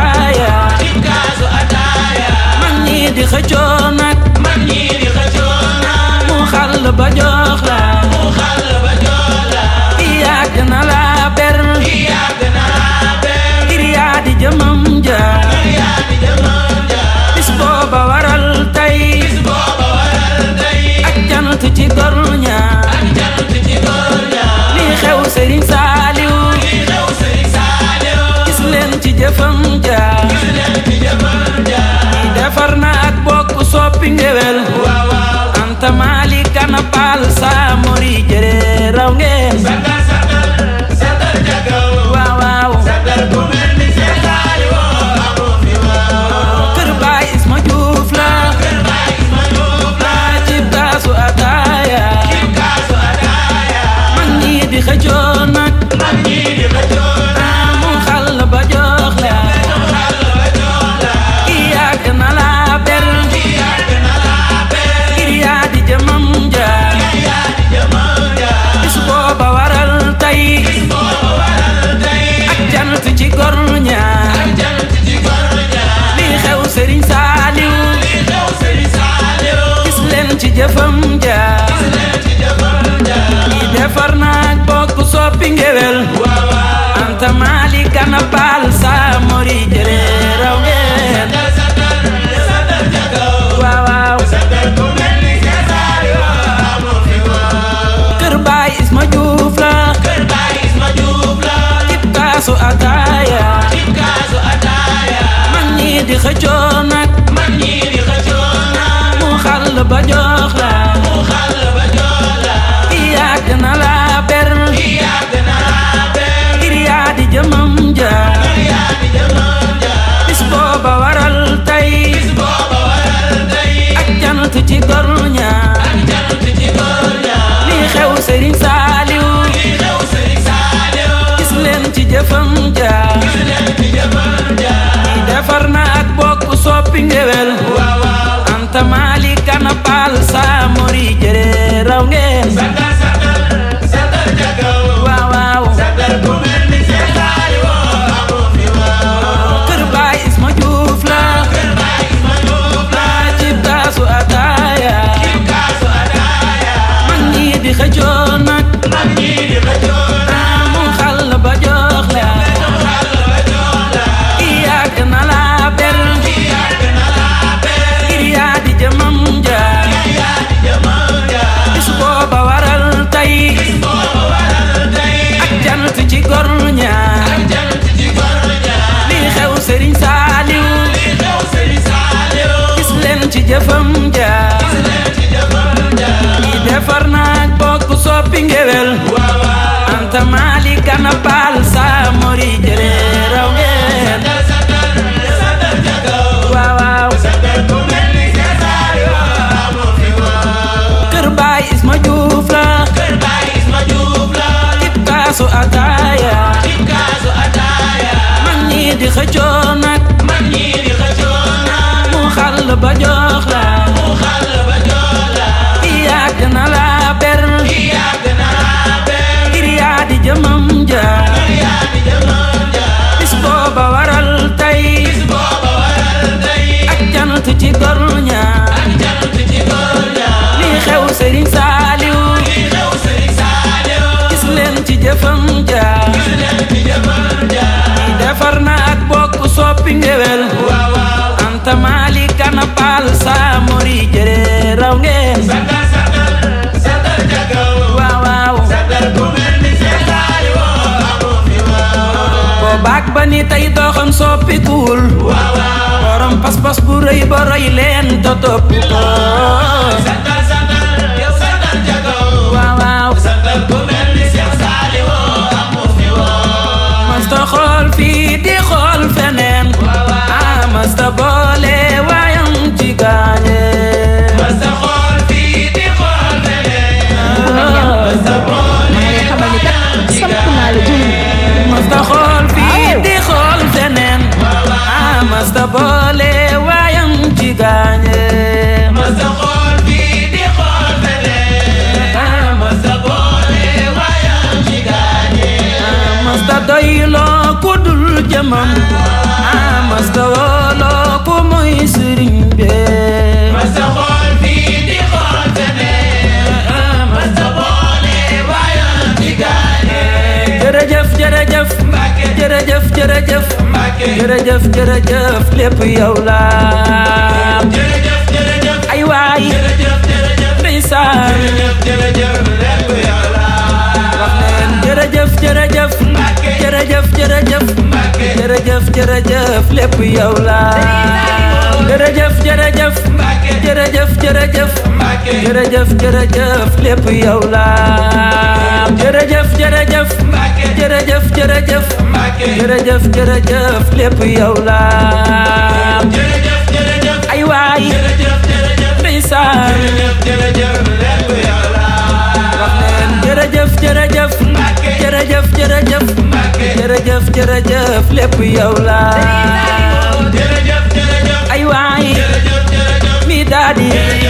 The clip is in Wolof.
ataaya di kaasu ataaya mag ñi di xëccoo nag mag ñi di xëccoo nag mu xàll ba jox la mu xàll ba it ever. farm jëfam jaar defar na ak bokk soppi ngewel sëriñ saaliw gis leen ci jëfam jaar kii defar naag bokk soppi ngewel anta maali kana ba jox la mu xàll ba jox la yàgg na la ber yàgg na la ber ngir yaa di jëmam ja ngir yaa di jëmam ja bis booba waral tey bis booba waral tey ak cant ci gor ña ak cant ci gor ña li xew Serigne Saliou li xew Serigne Saliou gis leen ci jëfam ja gis leen ci jëfam ja defar na ak bokk soppi ngewel na baal saa mor yi jëree raw ngeen. sadar sadar sadar jagaw. waaw borom pas-pas bu rëy ba rëy leen ko. masta wooloo ko muy sëriñ bi masta xool fii di xool feneen masta boole waayoon di gaane jërëjëf jërëjëf Mbàkke jërëjëf jërëjëf Mbàkke jërëjëf jërëjëf lépp yow la ay waay ndeysaan jëf lépp yow la jërëjëf jërëjëf jërëjëf jërëjëf yow la jërëjëf jërëjëf jërëjëf jërëjëf jërëjëf yow la ay waay ndeysaan daddy.